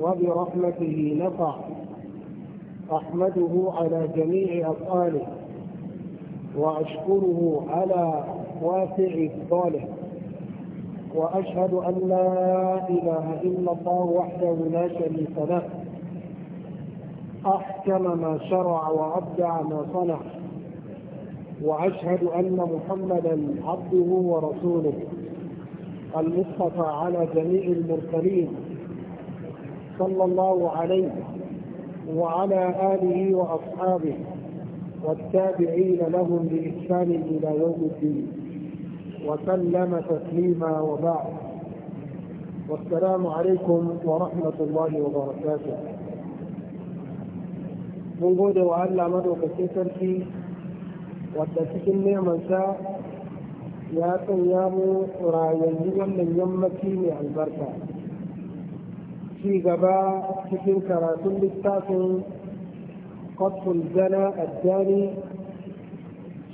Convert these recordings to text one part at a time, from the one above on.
وبرحمته نفع أحمده على جميع أفعاله وأشكره على واسع إفضاله وأشهد أن لا إله إلا الله وحده لا شريك له أحكم ما شرع وأبدع ما صنع وأشهد أن محمدا عبده ورسوله المصطفى على جميع المرسلين صلى الله عليه وعلى آله وأصحابه والتابعين لهم بإحسان إلى يوم الدين وسلم تسليما وبعد والسلام عليكم ورحمة الله وبركاته من gode وعلى Allah madaukakin sarki wadda النعمة nemansa يا sanya mu rayayyu من yammaci من albarka ci gaba cikin karatun littafin قطف الزنا الزاني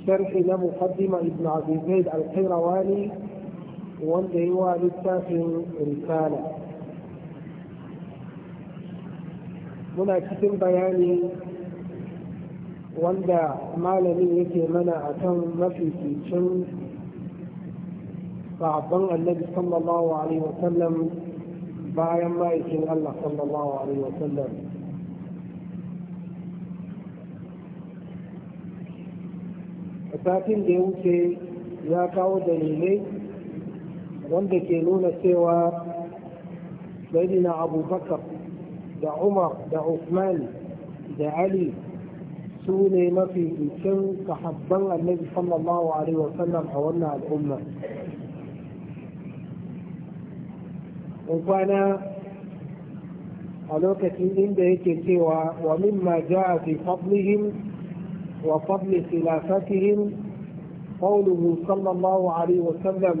شرح لمقدمة ابن عبد الزيد القيرواني وانده هو للتاسم رسالة muna cikin bayani wanda malamin yake mana a kan mafificin sahabban annabi sallallahu alaihi wasallam bayan ma'aikin Allah sallallahu alaihi wa a satin da ya wuce ya kawo dalilai wanda ke nuna cewa sayyidina abubakar da umar da usman da ali su ne mafi cikin sahabban annabi sallallahu alaihi wa a wannan al'ummar in kwana a lokacin inda yake cewa wa mimma ja'a fi fadlihim wa fadli khilafatihim قوله sallallahu alaihi عليه وسلم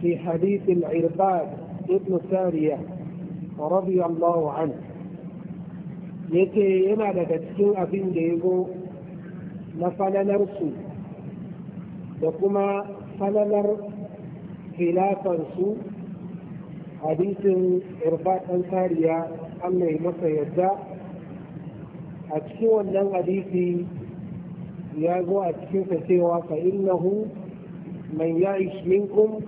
في حديث العرباد ابن سارية رضي الله عنه yake yana daga cikin abin da ya zo na falalarsu da kuma falalar filafarsu حديث عرفات أنساريا أمن المسا يدى أتكي ولن حديث يأجو أتكي فسيوا فإنه من يعيش منكم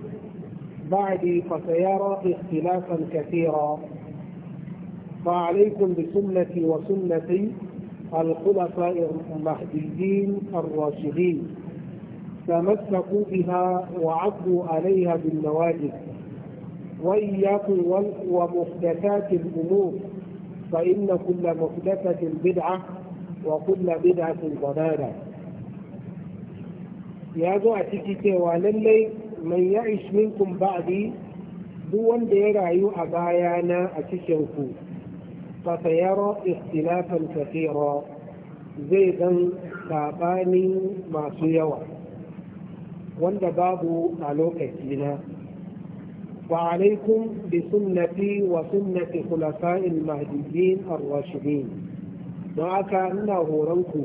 بعدي فسيرى اختلافا كثيرا فعليكم بسنتي وسنتي الخلفاء المهديين الراشدين تمسكوا بها وعضوا عليها بالنواجذ وإياكم ومحدثات الأمور فإن كل محدثة بدعة وكل بدعة ضلالة يا ذو أتكي وللي من يعيش منكم بعدي دون دير أيو أبايانا أتشنكو فسيرى اختلافا كثيرا زيدا كاباني ما سيوا وان بابو a lokaci فعليكم بسنتي وسنة خلفاء المهديين الراشدين معك أنه روكو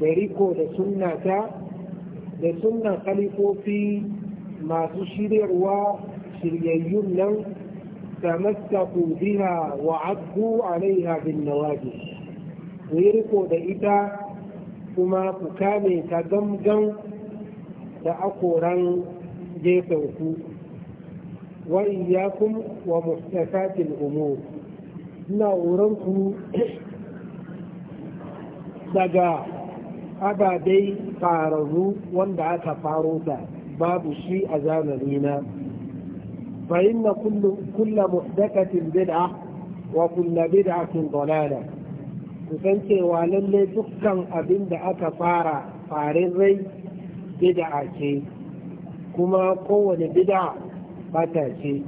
دريكو لسنة لسنة خلفوا في ما تشرع وشريين تمسكوا بها وعضوا عليها بالنواجذ ويركوا لإتا كما كامي تجمجم تأقرا جيفوكو Wai وإياكم ومحدثات الأمور ina ku daga ababai fararru wanda aka faro da babu shi a zananina fa inna kulla muhdakatin bid'a wa kulla bid'atin dalala kusan cewa lallai dukkan abin da aka fara farin rai bid'a ce kuma kowane bid'a bata ce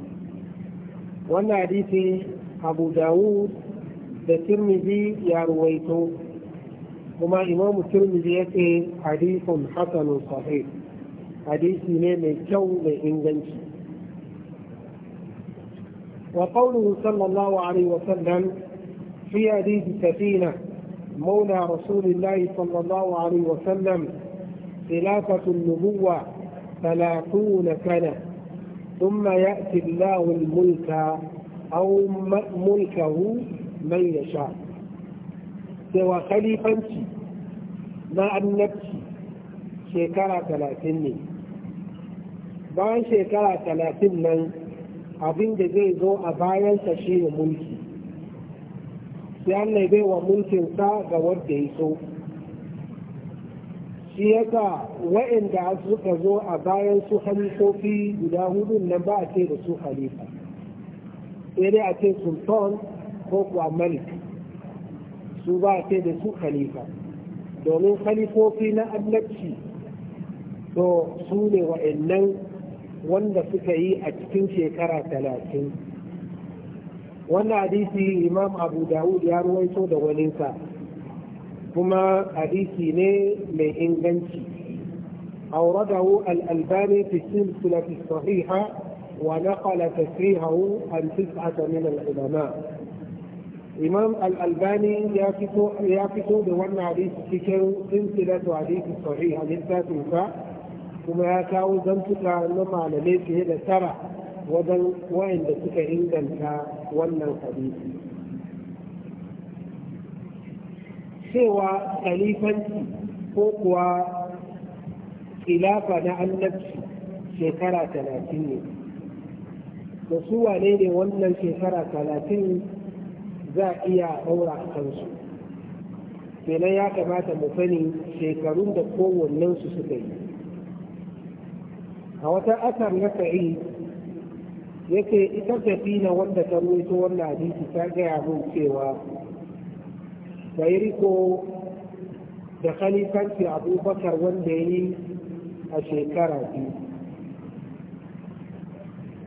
wannan hadisi abu dawud da tirmidhi ya ruwaito kuma imamu tirmidhi ya ce hadisun hasanun sahih hadisi ne mai kyau mai inganci wa qawluhu sallallahu alaihi wa sallam fi hadisi safina مولى رسول الله صلى الله عليه وسلم خلافة النبوة ثلاثون سنة ثم يأتي الله الملك أو ملكه من يشاء سوى خليفانتي na annabci shekara talatin ne bayan shekara talatin nan abin da zai zo a bayansa shi ne mulki sai Allah bai wa mulkinsa ga wanda ya so shi yasa wa'inda suka zo a bayan su halifofi guda hudu nan ba a ce da su halifa a ce sultan ko kuwa malik su ba a ce da su halifa domin halifofi na annabci to su ne wa'annan wanda suka yi a cikin shekara talatin wannan hadisi imam abu dawud ya ruwaito da waninsa كما حديثي ني من إنجنشي أورده الألباني في السلسلة الصحيحة ونقل تصريحه عن تسعة من العلماء إمام الألباني يقف بوان حديث سكر سلسلة حديث صحيحة لسا تنفع كما يكاو زمتك نمع لليك هذا ترى وذن وإن دسك كوان الحديث cewa khalifanci ko kuwa khilafa na annabci shekara talatin ne da su wane ne wannan shekara talatin za a iya ɗaura a kansu kenan ya kamata mu sani shekarun da kowannensu suka yi a wata asar na sa'i yake ita tafi na wanda ta ruwaito wannan hadisi ta gaya mun cewa da ya riko da khalifanci abubakar wanda ya yi a shekara biyu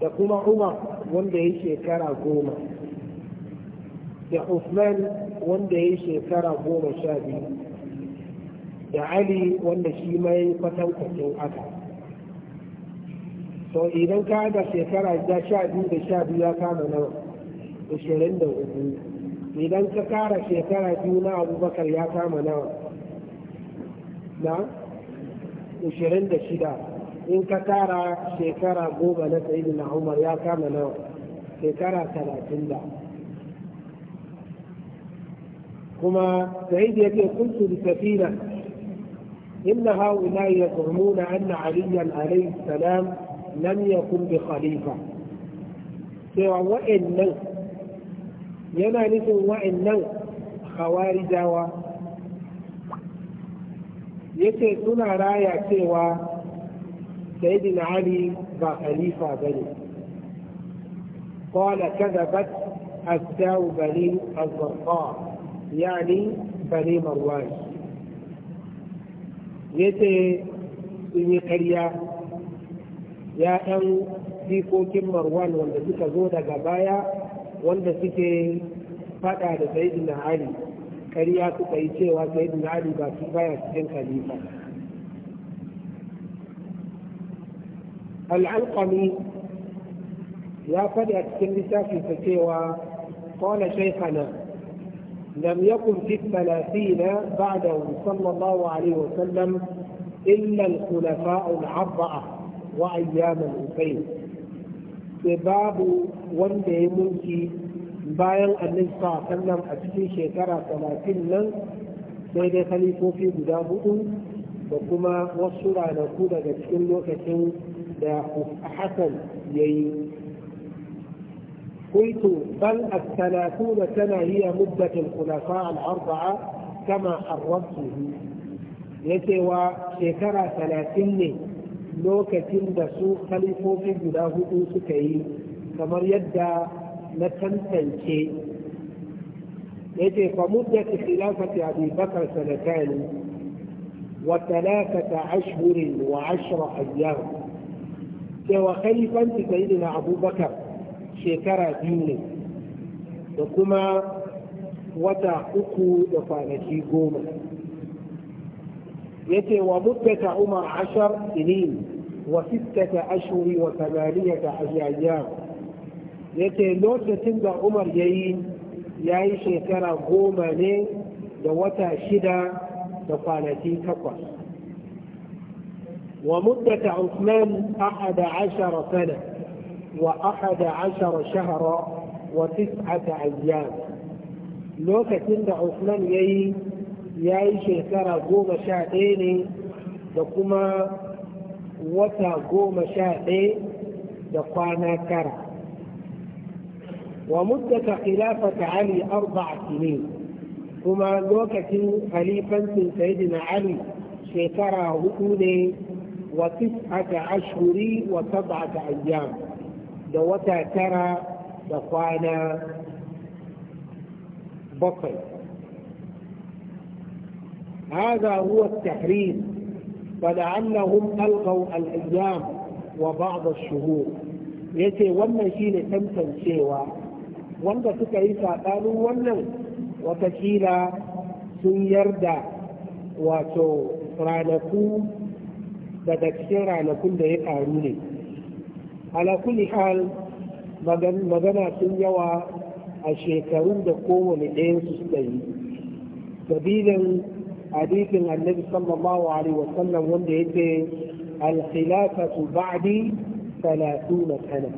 da kuma umar wanda ya yi shekara goma da usman wanda ya yi shekara goma sha biyu da ali wanda shi yi kwatankwacin aka to idan ka da shekara da sha biyu da sha biyu ya kama nawa ashirin da hudu idan ka kara shekara biyu na abubakar ya kama nawa na 26 in ka kara shekara goma na sayidu na umar ya kama nawa shekara talatin da kuma sayidu yake kuntu da safina إن هؤلاء يزعمون أن عليا عليه السلام لم يكن بخليفة. سوى وإن yana nufin wa'annan Ya yace suna raya cewa sayyidina ali ba khalifa bane qala kadabat a bani ya ni yani Marwari. Ya ce sun yi karya ya ɗan jikokin marwan wanda suka zo daga baya wanda suke fada da sayyidina ali kariya suka yi cewa sayyidina ali ba su baya cikin khalifa al'alƙami ya fada cikin cikin littafinsa cewa قال شيخنا لم يكن في الثلاثين بعده صلى الله عليه وسلم إلا الخلفاء الأربعة وأيام الحسين sai babu wanda ya mulki bayan annabi sallallahu a cikin shekara talatin nan sai dai khalifofi guda hudu da kuma wasu ranaku daga cikin lokacin da Hassan ya yi. قلت بل الثلاثون سنة هي مدة الخلفاء الأربعة كما عرفته يتوى شكرا ثلاثين lokacin da su kalifofi guda hudu suka yi kamar yadda na tantance ya ce fa muddatu khilafati abi bakar sanatani wa talatata ashhurin wa ashra ayyam cewa khalifanci sayyidina abubakar shekara biyu ne da kuma wata uku da kwanaki goma yace wa muddata umar ashar sinin وستة أشهر وثمانية أيام yake lokacin da umar ya yi ya yi shekara goma ne da wata shida da kwanaki takwas wa muddata usman ahada ashara sana wa ahada ashara shahara wa tis'ata ayyam lokacin da usman ya yi ya yi shekara goma sha ɗaya ne da kuma wata goma sha ɗaya da kwana tara wa muddata khilafata ali arba'a sinin kuma lokacin halifancin sayyidina ali shekara hudu ne wa tis'ata ashhuri wa sab'ata ayyam da wata tara da kwana bakwai هذا هو التحريم فلعلهم ألقوا الأيام وبعض الشهور yace wannan shine tantancewa wanda suka yi saɓanin wannan watakila sun yarda wato ranaku daga cikin ranakun da ya ƙaru ne Alakuli hal magana sun yawa a shekarun da kowane ɗayan su suka yi حديث النبي صلى الله عليه وسلم وانده الخلافة بعد ثلاثون سنة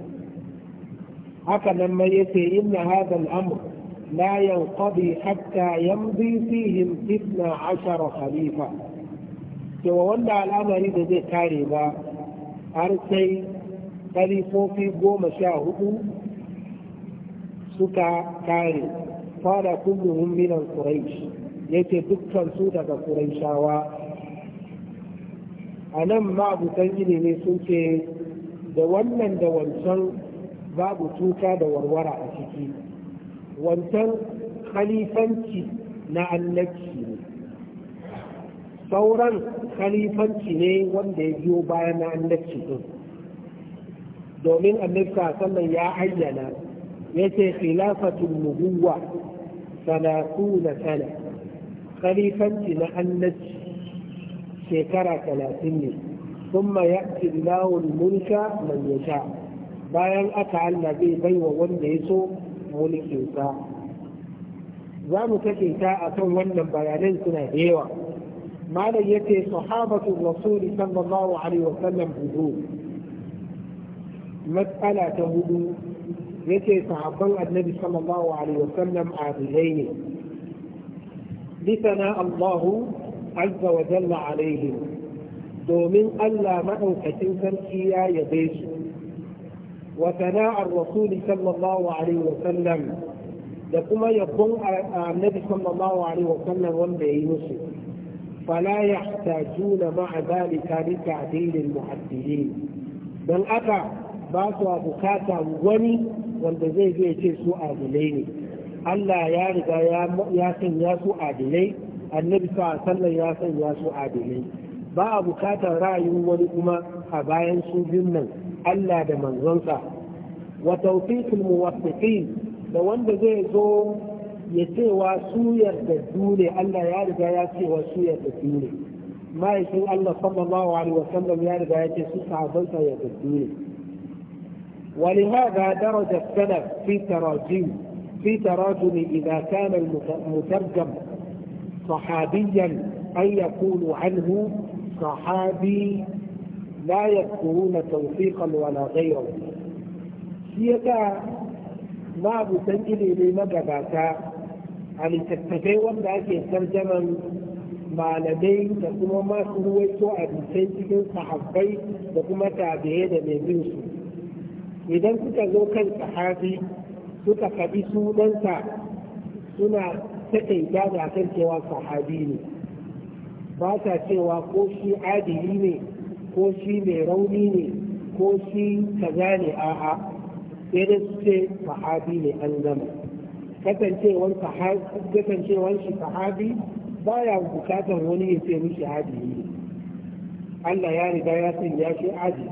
حتى لما يتي إن هذا الأمر لا ينقضي حتى يمضي فيهم اثنا عشر خليفة سوى وانا الأمر إذا دي كاربا أرسي خليفوكي قوم شاهده سكا كاري قال كلهم من القريش yace dukkan su daga Qurayshawa a nan ma'abutan ilimi sun ce da wannan da wancan babu cuta da warwara a ciki wancan khalifanci na annabci ne sauran khalifanci ne wanda ya biyo bayan na annabci din domin annabta sannan ya ayyana ya ce khilafatul nubuwa na sana khalifanci na annabci shekara talatin ne kuma ya illawul mulka man yasha bayan aka Allah zai baiwa wanda ya so mulkinsa za mu takaita ta akan wannan bayanan suna da yawa malam ya ce sahabatu rasuli sallallahu alaihi wasallam hudu matsala ta hudu ya ce sahabban annabi sallallahu alaihi wasallam adilai ne لثناء الله عز وجل عليهم دومين ألا مأوكتين فالكيا يبيش وثناء الرسول صلى الله عليه وسلم da kuma ya kun annabi sallallahu alaihi wa sallam wanda yayi musu fala yahtajuna ma dalika bi ta'dil al muhaddidin dan aka ba su bukata wani wanda zai zai ce su a azulai ne Allah ya riga ya sanya su adilai annabi sa sallan ya sanya su adilai ba a bukatar ra'ayin wani kuma a bayan su biyun nan Allah da manzonsa wa tawfiqul muwaffiqin da wanda zai zo ya cewa su yarda dole Allah ya riga ya cewa su yarda dole ma'aikin Allah sallallahu alaihi wasallam ya riga ya ce su sahabbansa yarda dole ولهذا درجة السلف في تراجيم في تراجم إذا كان المترجم صحابيا أن يقول عنه صحابي لا يذكرون توفيقا ولا غيره سيكا ما بسنجل إلي ما جباتا أن تكتفي وانا ما لدي تكون ما سنويتو أبي سنجل صحابي تكون ما تابعين يوسف إذا كنت أزوكا صحابي suka kaɗi sunanta suna taƙaita da kan cewa sahabi ne ba ta cewa ko shi adili ne ko shi mai rauni ne ko shi kaza ne a'a sai dai su ce sahabi ne an gama kasancewar shi sahabi baya bukatar wani ya ce mishi adili ne Allah ya riga ya sanya shi adili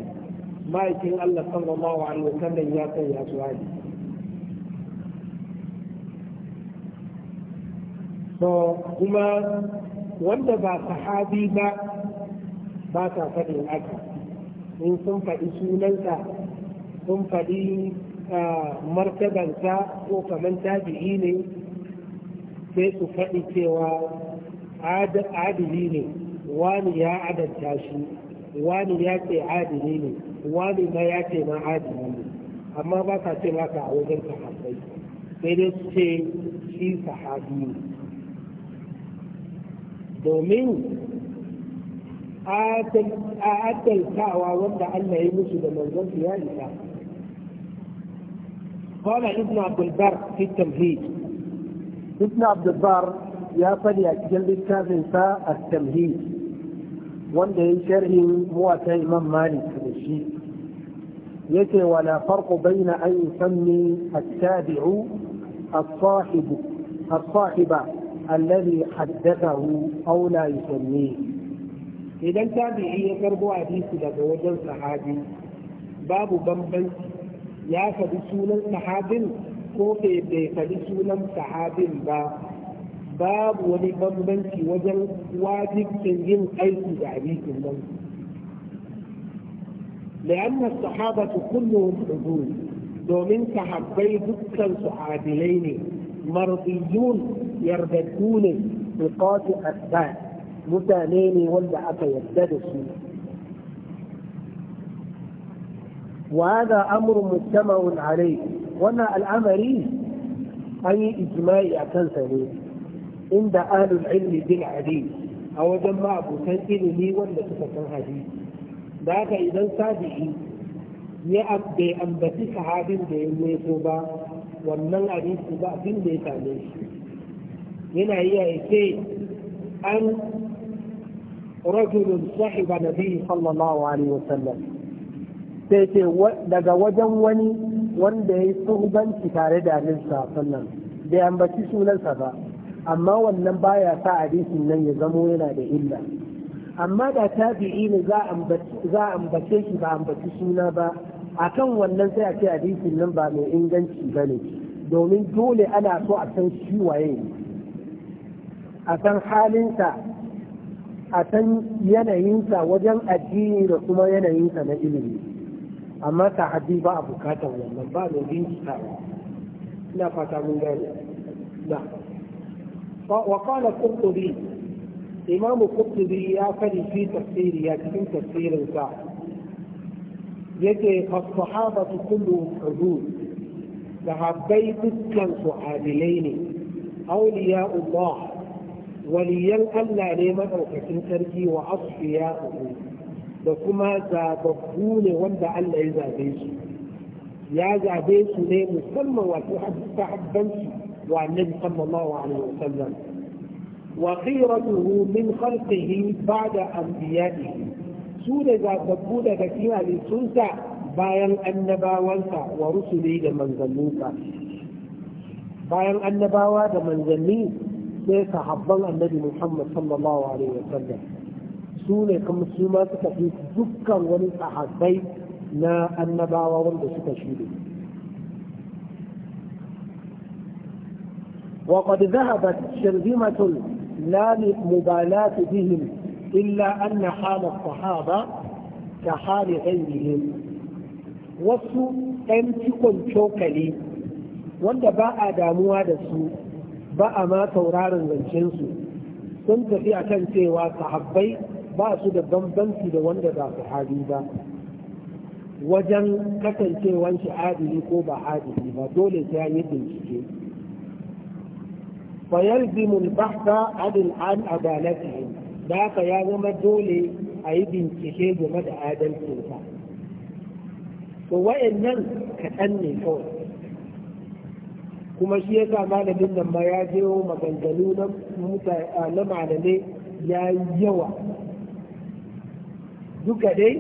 ma'aikin Allah sallallahu alaihi wasallam ya sanya su adili to kuma wanda ba sahabi ba ba sa faɗin haka in sun faɗi sunansa sun faɗi martabansa ko kaman tabi'i ne sai su faɗi cewa adili ne wani ya adanta shi wani ya ce adili ne wani ma ya ce ma adili ne amma ba sa ce maka a wajen sahabbai sai dai su ce shi sahabi ne domin adaltawa wanda Allah ya musu da manzon ya isa قال ابن عبد البر في التمهيد ابن عبد البر يا فلي أجل الكافن التمهيد wanda ya sharhin muwata imam malik da shi yake wala farqu baina an yusammi at-tabi'u as-sahibu as-sahiba الذي حدثه أو لا يسميه إذا تابعي يقرب حديث لك وجل صحابي باب بمبن يا فدي سولا صحابي ko bai faɗi sunan sahabin ba babu wani bambanci wajen wajibcin yin aiki da hadisin nan لأن الصحابة كلهم حضور domin sahabbai dukkan su adilai ne مرضيون يرددون نقاط أسباب متانين ولا wanda aka وهذا أمر مجتمع عليه وانا الأمر أي إجماع أكنسني عند أهل العلم بالحديث أو جمع أبو سنئل لي ولا تفكر حديث ذاك إذا صادقي يا أبدي أنبتي صحابي بإني wannan abinci ba abin da ya same shi yana iya ya ce an rajulun sahiba nabi sallallahu alaihi wasallam sai ce daga wajen wani wanda ya yi suhubanci tare da annabi sallallahu bai ambaci sunansa ba amma wannan baya sa hadisin nan ya zamo yana da illa amma da tabi'i ne za a ambace shi ba ambaci suna ba akan wannan sai a ce hadisin nan ba mai inganci ba ne domin dole ana so a san shi waye a san halinsa a san yanayinsa wajen addini da kuma yanayinsa na ilimi amma ta haddi ba a bukatar wannan ba da bincikawa ina fata mun gani na وقال القرطبي إمام القرطبي يا فلي في تفسيري يا في تفسير الكعب يجي الصحابة كلهم حدود sahabbai dukkan su adilai ne auliya Allah waliyan Allah ne madaukakin sarki wa asfiya da kuma zababbu ne wanda Allah ya zabe su ya zabe su ne musamman wato sahabbansu wa annabi sallallahu alaihi wasallam وخيرته من خلقه بعد أنبيائه سورة ذا تبودة كثيرة للسلسة bayan annabawansa wa rusuli da manzanninsa bayan annabawa da manzanni sai sahabban annabi Muhammad sallallahu alaihi wasallam su ne kuma su ma suka fi dukkan wani sahabbai na annabawa wanda suka shuɗe وقد ذهبت شرذمة لا مبالاة بهم إلا أن حال الصحابة كحال غيرهم wasu ɗan cikon cokali wanda ba a damuwa da su ba a ma tauraron zancensu sun tafi a kan cewa sahabbai ba su da bambanci da wanda ba su hali ba wajen kasancewan shi adili ko ba adili ba dole sai yi bincike فيلزم البحث عن Da ذاك ya zama dole a yi bincike game da adalcinsa to wayannan kaɗan ne kawai kuma shi ya sa malamin nan ma ya jewo maganganu na malamai ya yi yawa duka dai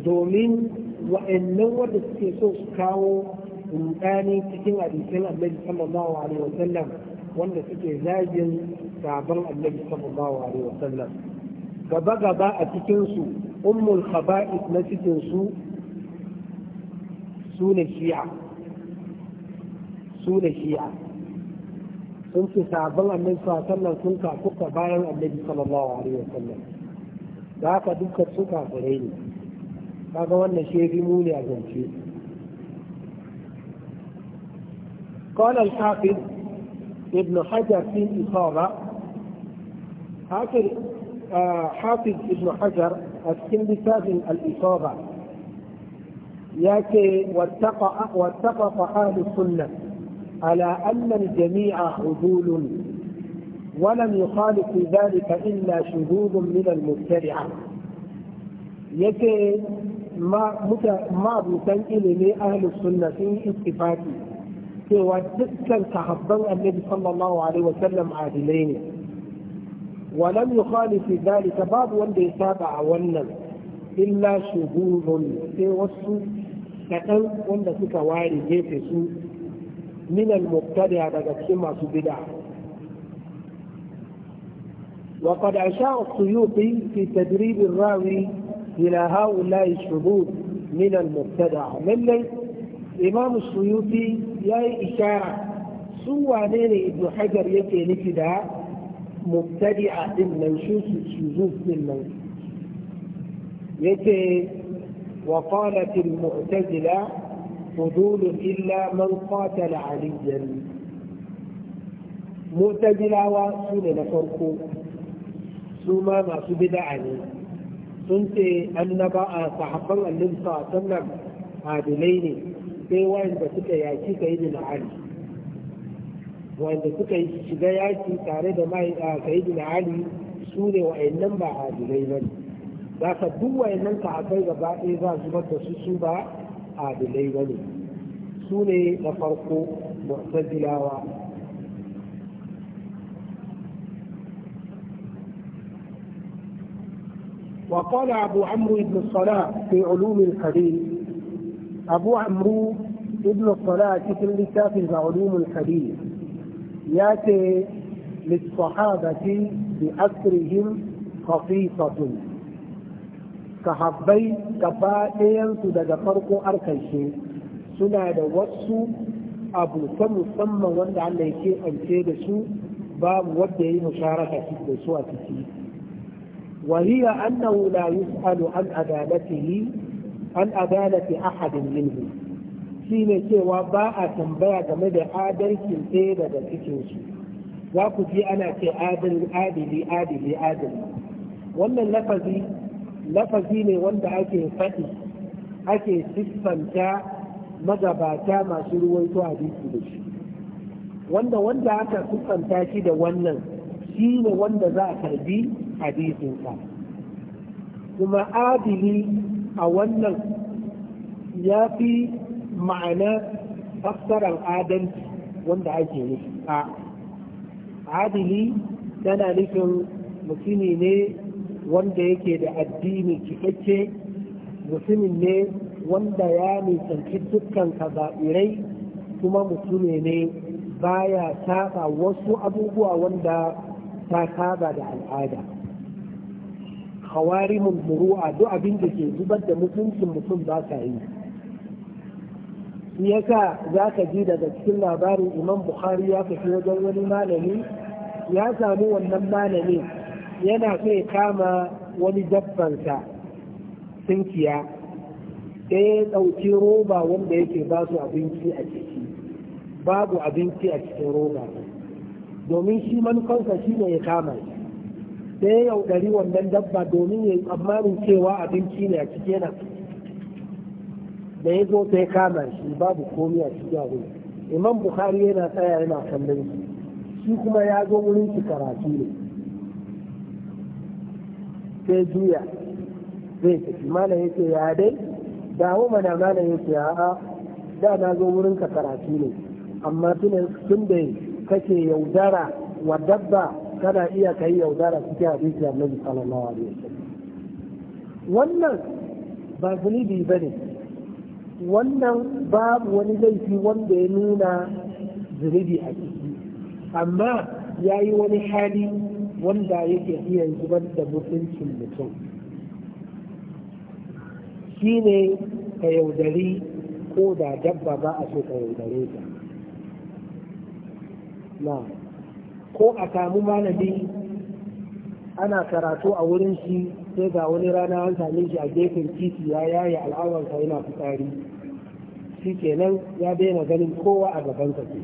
domin wa'annan wanda suke so su kawo rudani cikin hadisin annabi sallallahu alaihi wasallam wanda suke zagin sabon annabi sallallahu alaihi wasallam gaba gaba a cikin su ummul khaba'is na cikin su سون الشيعة سون الشيعة سنك سعب الله من صلى الله عليه وسلم سنك أفق بايان النبي صلى الله عليه وسلم ذاك دوك سنك أفرين هذا هو الشيء في مولي أجل شيء قال الحافظ ابن حجر في إصابة حافظ آه حافظ ابن حجر السندسات الإصابة ياتي واتق واتق أهل السنة على أن الجميع حدول ولم يخالف في ذلك إلا شذوذ من المبتدعة ياتي ما مت ما بوتن إلي أهل السنة في اتفاقي سوى تسكن كحبان النبي صلى الله عليه وسلم عادلين ولم يخالف في ذلك بعض وندي سابع ونم illa shuhurun sai wasu kaɗan wanda suka ware gefe su minal mubtadi'a daga cikin masu bid'a وقد أشاع السيوطي في تدريب الراوي إلى هؤلاء الشذوذ من المبتدع من إمام السيوطي يا إشارة سوى نين ابن حجر يكي نكدا مبتدع من شذوذ من yace wa qalat al mu'tazila fudul illa man qatala aliyan mu'tazilawa su ne na farko su ma masu bid'a ne sun ce annaba a sahabban annabi sallallahu alaihi wasallam ne sai wanda suka yaki sayyidina ali wanda suka shiga yaki tare da sayyidina ali su ne wa'annan ba adilai ba ne za ka duk wayannan sahabbai gaba ɗaya za zubar da su su ba adilai ba ne su ne na farko وقال أبو عمرو بن الصلاة في علوم الحديث أبو عمرو بن الصلاة في اللساف علوم الحديث ياتي للصحابة بأسرهم خصيصة Mahabbai gaba ɗayansu daga farko arkarshe suna da wasu abu ta musamman wanda Allah ya keɓance da su babu wanda ya yi musharaka da su a ciki وهي أنه لا يسأل عن عدالته عن عدالة أحد shine cewa ba a tambaya game da adalcin ɗaya daga cikinsu za ku ji ana ce adali adali adali adali wannan lafazi lafazi ne wanda ake faɗi ake siffanta magabata masu ruwaito hadisi da shi wanda wanda aka siffanta shi da wannan shi ne wanda za a karbi hadisinsa kuma adili a wannan ya fi ma'ana fassarar adalci wanda ake nufi a adili tana nufin mutumi ne wanda yake da addini cikakke mutumin ne wanda ya nisanci dukkan kaba'irai kuma mutume ne baya saba wasu abubuwa wanda ta saba da al'ada khawarimun muru'a duk abin da ke zubar da mutuncin mutum ba sa yi yasa za ka ji daga cikin labarin imam bukhari ya kashe wajen wani malami ya samu wannan malamin yana so ya kama wani dabbansa tsinkiya sai ya ɗauki roba wanda yake ba su abinci a ciki babu abinci a cikin roba domin shi manufansa shi ne ya kama sai ya yaudari wannan dabba domin ya yi tsammanin cewa abinci ne a ciki yana da ya zo sai kama shi babu komi a cikin abin imam bukhari yana tsaya yana kallon shi shi kuma ya zo wurin shi karatu ne sai juya zai tafi ya ce ya dai dawo mana ya yake a'a da na zo wurin ka karatu ne amma sun da kake yaudara wa dabba kana iya kai yaudara cikin hadisi annabi sallallahu alaihi wannan ba zunubi ba ne wannan babu wani laifi wanda ya nuna zunubi a ciki amma ya yi wani hali wanda yake iya zubar da mutuncin mutum shi ne ka yaudari ko da dabba ba a so ka yaudare ta na ko a samu malami ana karatu a wurin shi sai ga wani rana an same shi a gefen titi ya yaye al'awarsa yana tsari, shi kenan ya daina ganin kowa a gabansa ka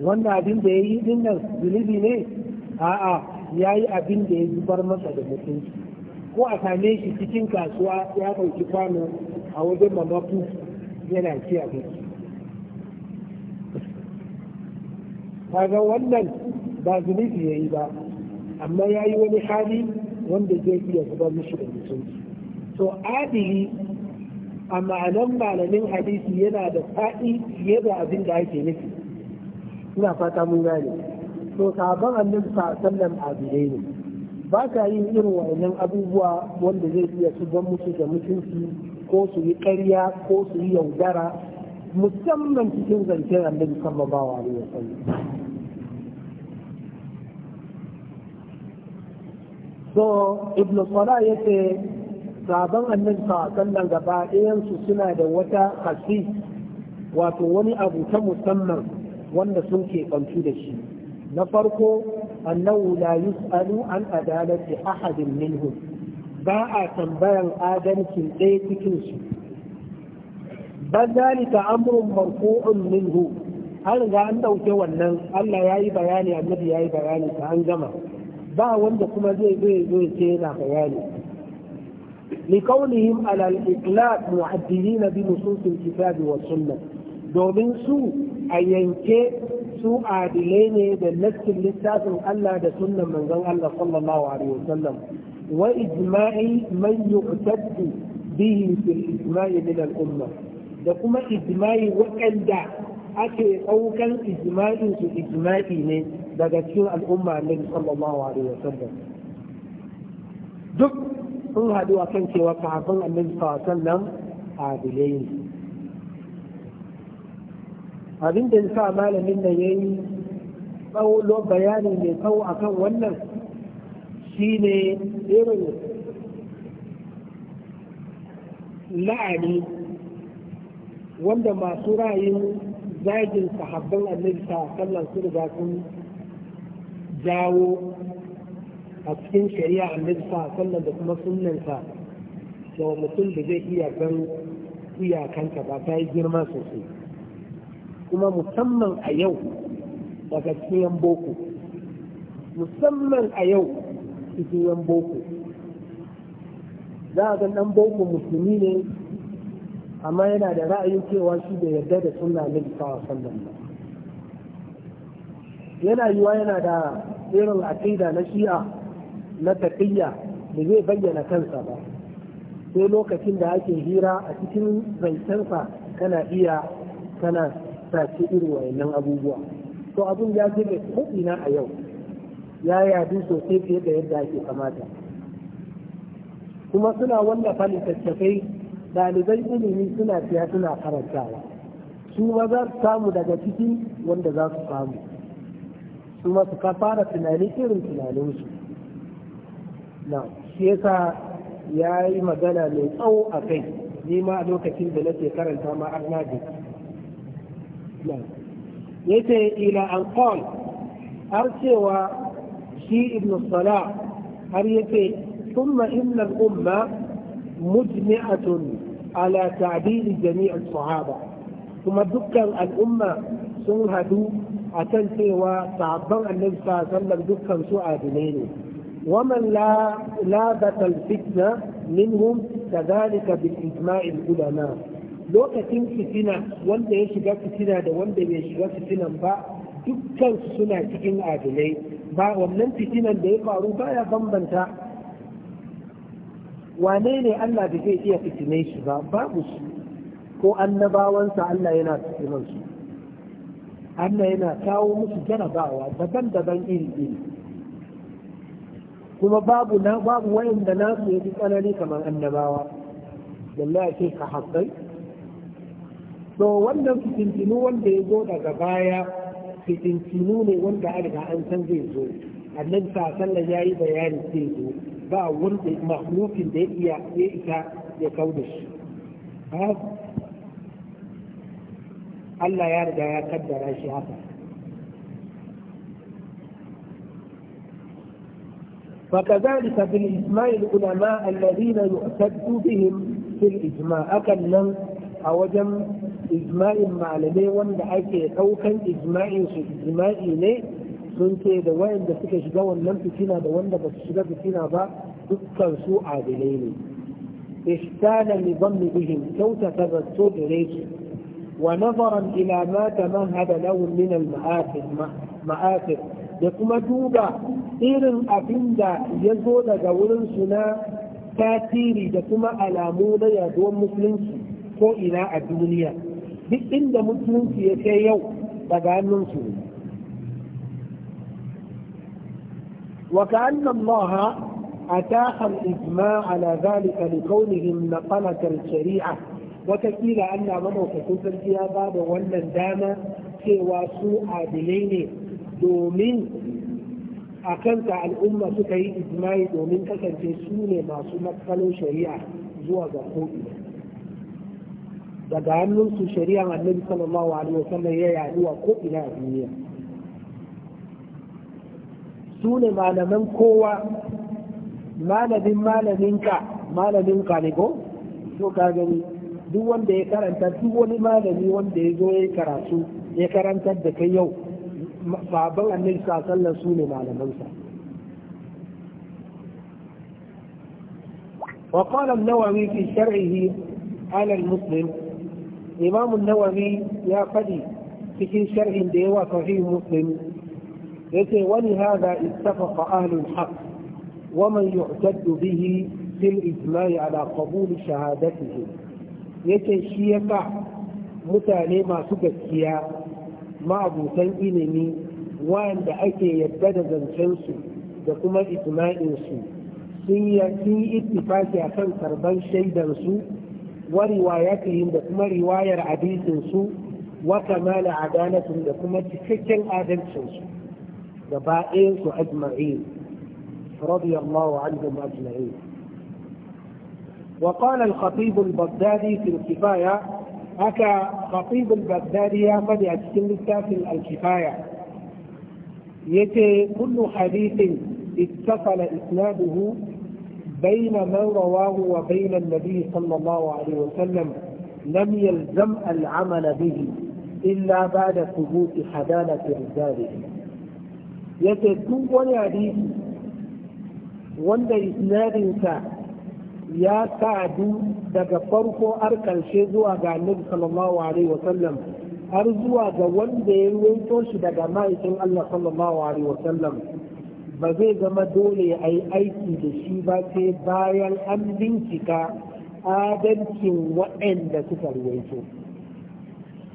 wannan abin da ya yi dinnan zunubi ne a'a ya yi abin da ya zubar masa da mutunci ko a same shi cikin kasuwa ya ɗauki kwano a wajen mamaku yana ci abinci kaga wannan ba zunubi ya yi ba amma ya yi wani hali wanda zai iya zubar mishi da mutunci to adili a ma'anan malamin hadisi yana da faɗi fiye da abin da ake nufi ina fata mun gane to sahabban annabi sallam abidai ne ba ka yin irin wa'annan abubuwa wanda zai iya su ban musu da mutunci ko su yi ƙarya ko su yi yaudara musamman cikin zancen annabi sallallahu alaihi wasallam so ibn salah yace sabon annabi sallallahu gaba ɗayansu su suna da wata kasi wato wani abu ta musamman wanda sun keɓantu da shi na farko annahu la yus'alu an adalati ahadin minhum ba a tambayan adalcin ɗaya cikin su bal zalika amrun marfu'un minhu an ga an ɗauke wannan Allah ya yi bayani annabi ya yi bayani ta an gama ba wanda kuma zai zo ya zo ya ce yana bayani لقولهم على الإطلاق معدلين بنصوص الكتاب والسنة domin su a yanke su adilai ne da nassin littafin Allah da sunnan manzon Allah sallallahu alaihi wasallam wa ijma'i man yu'taddu bihi fil ijma'i min al umma da kuma ijma'i waɗanda ake ɗaukan ijma'in su ijma'i ne daga cikin al'umma annabi sallallahu alaihi wasallam duk sun haɗu akan cewa kafin annabi sallallahu alaihi wasallam adilai ne abin da sa malamin da ya yi tsawo bayani mai tsawo akan wannan shine irin la'ani wanda masu rayin zagin sahabban annabi ta sallan su da sun jawo a cikin shari'a annabi ta sallan da kuma sunnansa da mutum da zai iya ban iyakanta ba ta yi girma sosai kuma musamman a yau daga cikin boko musamman a yau cikin boko za a ga ɗan boko musulmi ne amma yana da ra'ayin cewa shi da yarda da sunna na bisawa sallan ba yana yiwa yana da irin aƙida na shi'a na tafiya da zai bayyana kansa ba sai lokacin da ake hira a cikin zancensa kana iya kana shi irin wayannan abubuwa to abun ya je da ko'ina a yau ya yadu sosai fiye da yadda ake kamata kuma suna wallafa littattafai dalibai ilimi suna siya suna karantawa su ma za su samu daga ciki wanda za su samu su ma su fara tunani irin tunaninsu na shi yasa ya yi magana mai tsawo a kai ni ma a lokacin da nake karanta ma arnadi الإسلام ليس إلى أن قال أرسوا شيء ابن الصلاح هل أريتي ثم إن الأمة مجمعة على تعديل جميع الصحابة ثم ذكر الأمة سنهدوا أتنسي وتعبر النبي صلى الله عليه وسلم ذكر سوء دينين ومن لا لابت الفتنة منهم كذلك بالإجماع العلماء lokacin fitina wanda ya shiga fitina da wanda bai shiga fitinan ba dukkan suna cikin adilai ba wannan fitinan da ya faru ba ya bambanta wane ne Allah da zai iya fitine shi ba babu su. ko annabawansa Allah yana fitinan su Allah yana kawo musu jarabawa daban-daban iri-iri kuma babu na babu nasu ya fi tsanani kamar annabawa wallahi sai ka haƙƙai to wannan fitintinu wanda ya zo daga baya fitintinu ne wanda a riga an san zai zo annan sasallan ya yi bayani zai zo ba wanda mahlukin da ya iya ya kau da shi Allah ya riga ya kaddara shi haka فكذلك بالإجماع العلماء الذين يعتد بهم في الإجماع a أوجم ijma'in malamai wanda ake ɗaukan ijma'in su ijma'i ne sun ce da wayanda suka shiga wannan fitina da wanda ba su shiga fitina ba dukkan su adilai ne ihtana li dhammi bihim kyauta tabassu gare su wa nazaran ila ma tamahada lahu min al da kuma duba irin abin da ya zo daga wurin su na tasiri da kuma alamu na yaduwar musulunci ko ina a duniya duk inda musulunci ya kai yau وكأن الله أتاح الإجماع على ذلك لكونهم نقلة الشريعة وتكيل أن منه كتب فيها بعد ولا داما سوى سوء عادلين دومين أكنت على الأمة سكي إجماعي دومين كتب سوني ما سمت شريعة زوى ذا daga hannunsu shari'ar annabi sallallahu alaihi wasallam ya yaduwa ko ina a duniya su ne malaman kowa malamin malaminka malamin ne ko ka gani duk wanda ya karanta duk wani malami wanda ya zo ya karatu ya karantar da kai yau baban annabi sallallahu alaihi su ne malamansa وقال النووي في شرعه على المسلم imamun nawawi ya faɗi cikin sharhin da yawa sahih muslim yace wani hada ittafaqa ahlul haqq ومن يعتد به في الإجماع على قبول شهادته yake shi ya sa mutane masu gaskiya ma'abutan ilimi wanda ake yadda da zancensu da kuma ijma'insu sun yi ittifaki a kan karban shaidansu وروايتهم لكم رواية عديث سوء وكمال عدالة لكم تفكر آدم سوء دبائل أجمعين رضي الله عنهم أجمعين وقال الخطيب البغدادي في الكفاية أكا خطيب البغدادي يا قد أتكلم في الكفاية يتي كل حديث اتصل إسناده بين من رواه وبين النبي صلى الله عليه وسلم لم يلزم العمل به إلا بعد ثبوت حدانة رجاله يتدون ولا حديث wanda isnadinsa ya sadu daga farko har karshe zuwa ga annabi sallallahu alaihi wasallam har zuwa ga wanda ya ruwaito shi daga ma'aikin Allah ba zai zama dole a yi aiki da shi ba sai bayan an bincika adalcin waɗanda suka ruwaito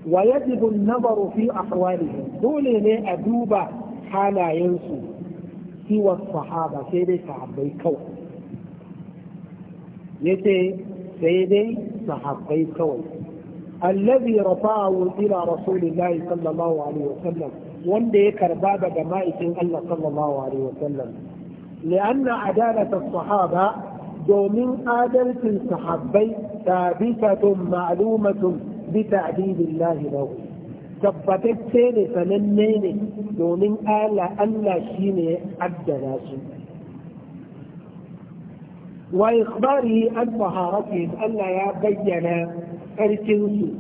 wa yajibu nazaru fi ahwalihim dole ne a duba halayensu siwa sahaba sai dai sahabbai kawai ce sai dai sahabbai kawai allazi rafa'ahu ila rasulillahi sallallahu alaihi wasallam wanda ya karba daga ma'aikin Allah sallallahu alaihi wasallam li'anna adalata sahaba domin adalcin sahabbai tabitatun ma'lumatun bi ta'dibillahi lahu tabbatacce ne sananne ne domin Allah Allah shine ya addana su wa ikhbarihi an taharatihim Allah ya bayyana karkin su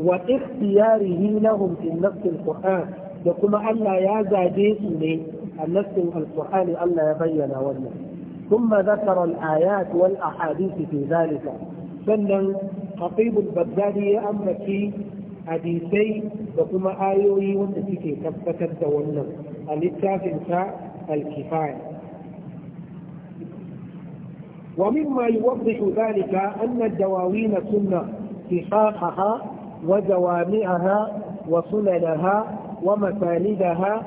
wa ikhtiyarihi lahum fi nafsi al-Qur'an da kuma Allah ya zaje su ne annabin nassin Allah ya bayyana wannan kuma ثم ذكر wal ahadith fi ذلك sannan al bagdadi ya ambaci hadisai da kuma ayoyi wanda suke tabbatar da wannan a littafinsa al-kifaya ad-dawawin ذلك fi الدواوين wa jawami'aha wa sunanaha ومساندها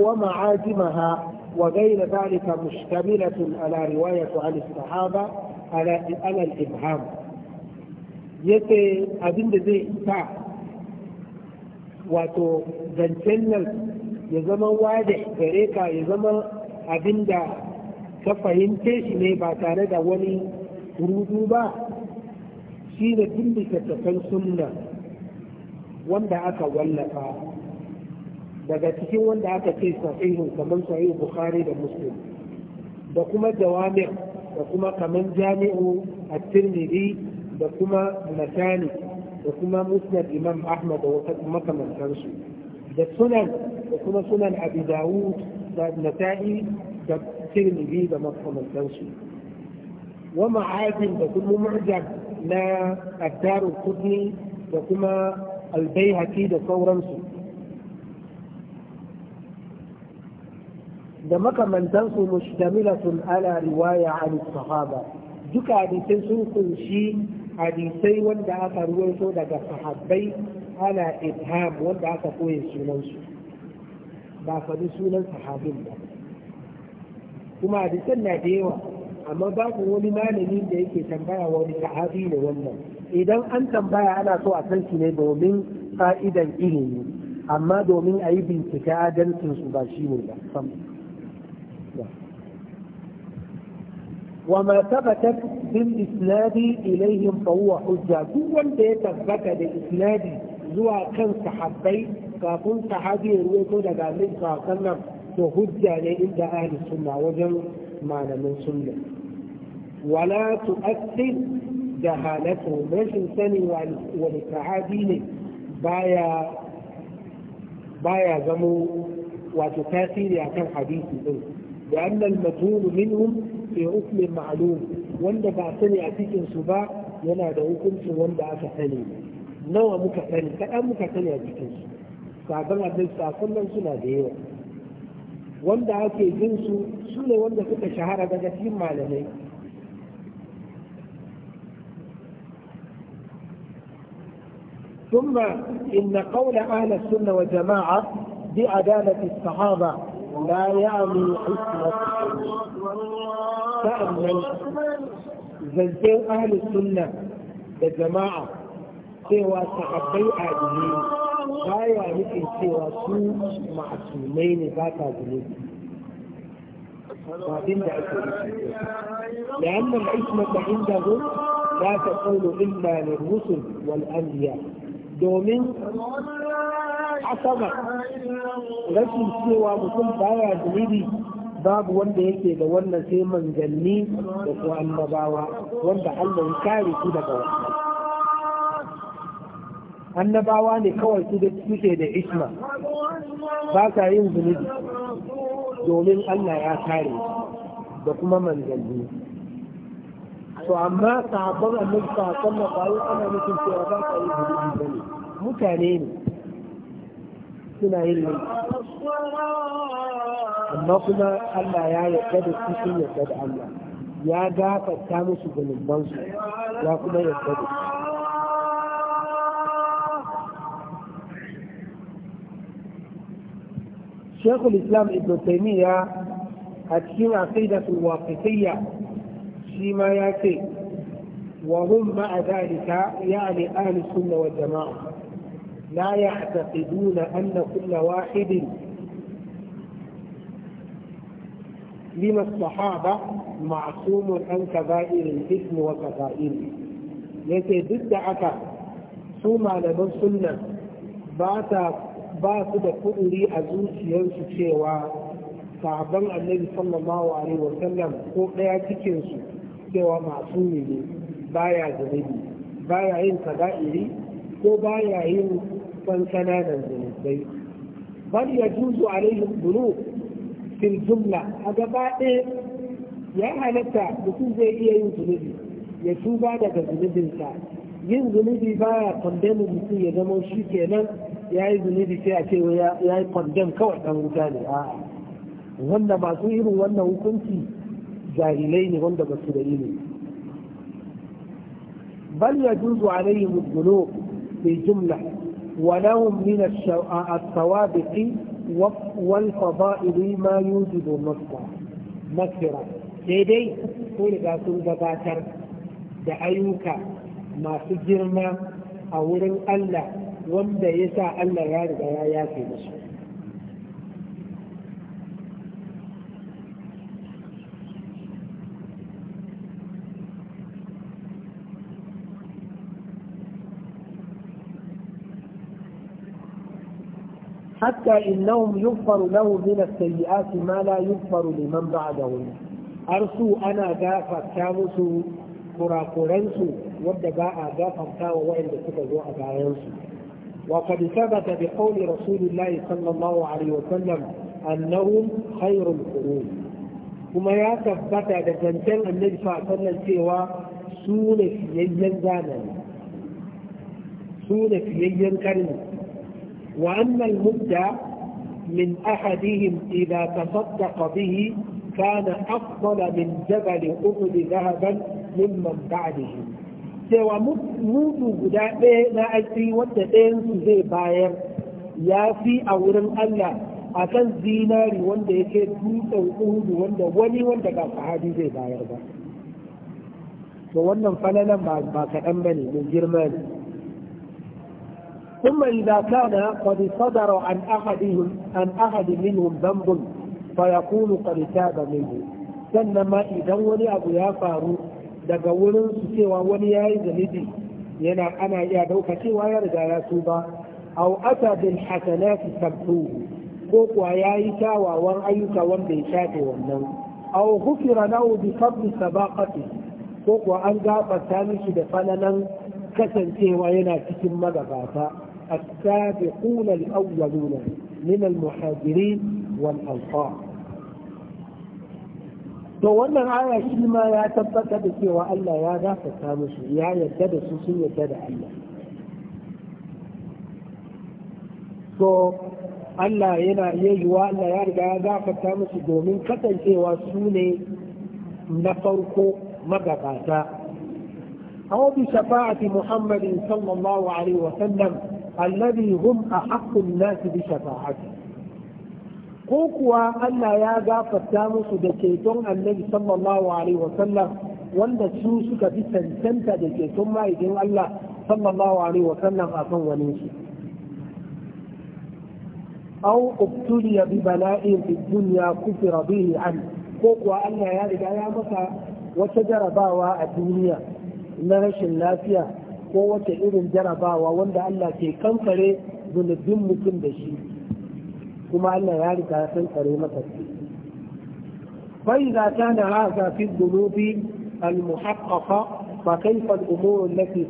ومعاجمها وغير ذلك مشتملة على رواية عن الصحابة على على الإبهام yace abin da zai isa wato zancen nan ya zama wade gare ka ya zama abin da ka fahimce shi ne ba tare da wani rudu ba shi duk littattafan sunna wanda aka wallafa daga cikin wanda aka ce sahihun kamar sahih bukhari da muslim da kuma jawami da kuma kamar jami'u at-tirmidhi da kuma matani da kuma musnad imam ahmad da wata makamantansu da sunan da kuma sunan abi dawud da nasa'i da tirmidhi da makamantansu wa ma'ajin da kuma mu'jam na ad kudni da kuma al-baihaqi da sauransu da makamantansu mushtamilatun ala riwaya an sahaba duka hadisai sun kunshi hadisai wanda aka ruwaito daga sahabbai ala ibham wanda aka koye sunansu ba faɗi sunan sahabin ba kuma hadisan na da yawa amma ba ku wani malami da yake tambaya wani sahabi ne wannan idan an tambaya ana so a san shi ne domin fa'idan ilimi amma domin a yi bincike su ba shi ne ba الإسلام وما ثبتت بالإسناد إليهم فهو حجة دوا بيتبت الإسناد زوا كان صحابي كافون صحابي رويتو دقا من صلى وحجة عند أهل السنة وجل معنى من سنة ولا تؤثر جهالته ماشي سني والاتعادي ne baya baya zamo wato tasiri akan hadisi din لأن المجهول منهم في حكم معلوم وند بعثني أتيك سباع ينا في وند أفحاني نوع مكتاني كأم مكتاني أتيك فأبنى أبنى سأقلنا سنة ديو وند أكي جنس سنة وند كنت شهارة دكتين معلمين ثم إن قول أهل السنة وجماعة بعدالة الصحابة لا يعمل حكمة sa'annan zancen ahalus sunna da jama'a cewa sahabbai adilai ne baya nufin cewa su ma'asumai ne ba ta zunubi abin da ake nufi da annan hikmata inda zo za ta domin asabar rashin cewa mutum baya zunubi babu wanda yake da wannan sai manzanni da su annabawa wanda Allah ya kare su daga wannan annabawa ne kawai su da suke da isma ba sa yin zunubi domin Allah ya kare da kuma manzanni to amma sabon annabawa sallallahu alaihi wasallam ana nufin cewa ba sa yin zunubi bane mutane ne suna yin laifi amma kuma Allah ya yarda da su sun yarda da Allah ya gafarta musu zunubansu ya kuma yarda da su Shekul Islam Ibn Taymiyyah a cikin aqidatul waqifiyya shi ma ya ce wa hum ma'a dhalika ya'ni ahli sunna wal jama'a لا يعتقدون أن كل واحد من الصحابة معصوم عن كبائر الإثم وكبائره yake duk da aka su malaman sunna ba su da kuɗuri a zuciyarsu cewa sabon annabi sallallahu alaihi wa sallam ko ɗaya cikinsu su cewa masu ne baya zunubi baya yin kaba'iri ko baya yin babban kananan zunubai bal ya juzu alaihim dhunub fil jumla a gaba ɗaya ya halatta mutum zai iya yin zunubi ya tuba daga zunubin zunubinsa yin zunubi baya kwandemin mutum ya zama shi kenan ya yi zunubi sai a ce ya yi kwandem kawai dan wuta ne a'a wanda masu irin wannan hukunci jahilai ne wanda ba su da ne. bal ya juzu alaihim dhunub fil jumla ولهم من biki والفضائل ما يوجب النصر مغفرة daidai ko riga sun gabatar da ayyuka masu girma a wurin Allah wanda ya sa Allah ya riga ya yafe musu حتى إنهم يغفر له من السيئات ما لا يغفر لمن بعدهم أرسو أنا دافع كاموس كراكورنس وابدباء دافع كاو وإن تكذو أبايانس وقد ثبت بقول رسول الله صلى الله عليه وسلم أنهم خير القرون كما يثبت دفنتن النبي صلى الله عليه وسلم سوى سونة في يجن زامن سونة في يجن كرمه و أ ن المبدع من أ ح د ه م إ ذ ا تصدق به كان أ ف ض ل من جبل أ ح د ذهبا ممن بعده سوى موضوع غداء لا ادري وانت انت زي باير يا في اورم الله اكن زيناري وانت يكيد موسى وقود وانت ولي وانت قال صحابي زي باير با فوانا فلنا ما كان امني من جرماني ثم إذا كان قد صدر عن أحدهم عن أحد منهم ذنب فيكون قد تاب منه سنما إذا ولي أبو يا daga wurin su cewa wani ya yi zanibi yana ana iya dauka cewa ya riga ya tuba Au ata bil hasanati tabtu ko kuwa ya yi kyawawan ayyuka wanda ya shafe wannan aw ghufira lahu bi fadli sabaqati ko kuwa an gafarta mishi da falalan kasancewa yana cikin magabata السابقون الأولون من المهاجرين والأنصار to wannan aya shi ma ya tabbata da cewa Allah ya gafarta musu ya yadda da su sun yadda da Allah to Allah yana yayyuwa Allah ya riga ya gafarta musu domin kasancewa su ne na farko magabata أو بشفاعة محمد صلى الله عليه وسلم alladhi hum ahaqqu an-nas bi shafa'ati ko kuwa Allah ya gafarta musu da ceton annabi sallallahu alaihi wasallam wanda su suka fi cancanta da ceton ma'aikin Allah sallallahu alaihi wasallam a wani shi aw ubtuliya bi bala'in fi dunya kufira bihi ko kuwa Allah ya riga ya masa wata jarabawa a duniya na rashin lafiya ko wata irin jarabawa wanda Allah ke kankare zunubin mutum da shi kuma Allah ya rika ya kankare masa shi fi فإذا كان هذا في الذنوب allati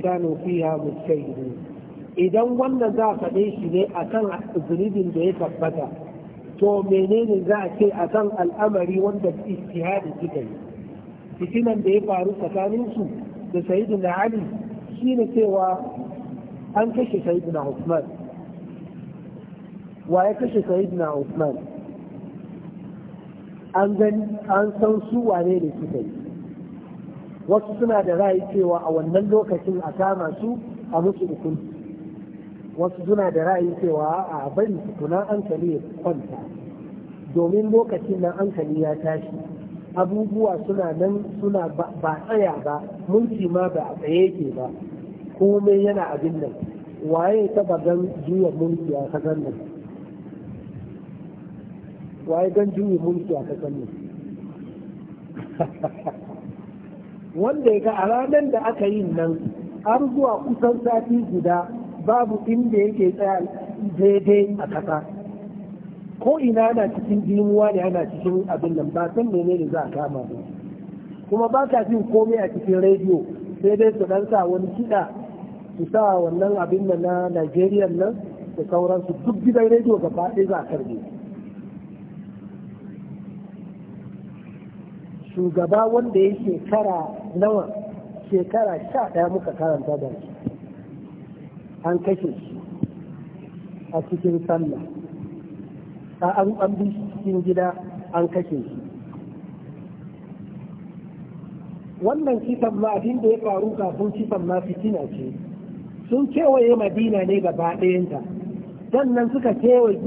kanu fiha التي idan فيها za ka ولا shi ne akan zunubin da ya tabbata to menene za a ce akan al'amari wanda istihadi suka yi fitinan da ya faru tsakanin su da sayyidina ali ne cewa an kashe na Usman wa ya kashe na Usman an gani an san su wane ne suka yi wasu suna da ra'ayi cewa a wannan lokacin a kama su a musu ukun. wasu suna da ra'ayi cewa a bari an kali ya kwanta domin lokacin nan kali ya tashi abubuwa suna nan suna ba tsaya ba mulki ma ba a tsaye ke ba komai yana abin nan waye taba gan juya mulki a kasar nan waye gan juya mulki a kasar nan wanda ya ga a ranar da aka yi nan har zuwa kusan sati guda babu inda yake tsaya daidai a kasa ko ina na cikin dimuwa ne ana cikin abin nan ba san menene za a kama ba kuma ba ta jin komai a cikin rediyo sai dai su dan sa wani kiɗa su sa wannan abin da na Najeriya nan da sauransu duk gidan rediyo gaba ɗaya za a karbe shugaba wanda ya shekara nawa shekara sha ɗaya muka karanta da shi an kashe shi a cikin sallah a an bi cikin gida an kashe shi wannan cikin ma abin da ya faru kafin cikin ma fitina ce sun kewaye madina ne gaba ɗayanta sannan suka kewaye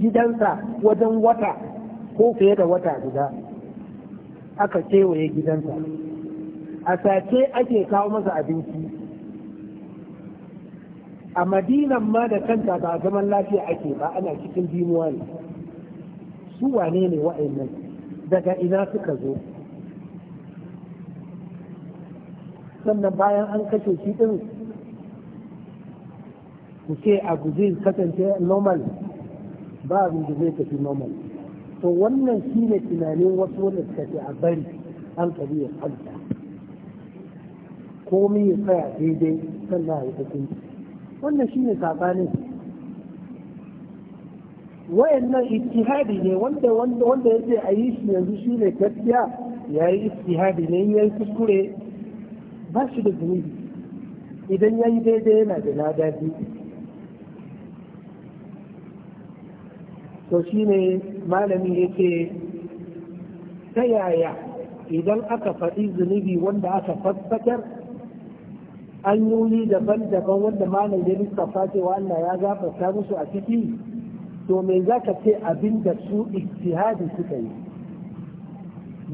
gidansa wajen wata ko fiye da wata guda aka kewaye gidansa a sace ake kawo masa abinci a madinan ma da kanta ba zaman lafiya ake ba ana cikin jimuwa ne su wane ne wa'annan daga ina suka zo sannan bayan an kashe shi ɗin ku ce a zai kasance normal ba abin da zai tafi normal to wannan shi ne tunanin wasu wanda suka ce a bari hankali ya kanta komai ya tsaya daidai sannan a yi hukunci wannan shi ne saɓanin wayannan ijtihadi ne wanda wanda wanda yace a yi shi yanzu shi ne gaskiya ya yi ijtihadi ne ya yi kuskure ba shi da zunubi idan ya yi daidai yana da lada to shi ne malami yake ta yaya idan aka faɗi zunubi wanda aka fassakar an yuli daban-daban wanda malam ya lissafa cewa Allah ya gafarta musu a ciki to me za ka ce abin da su ijtihadi suka yi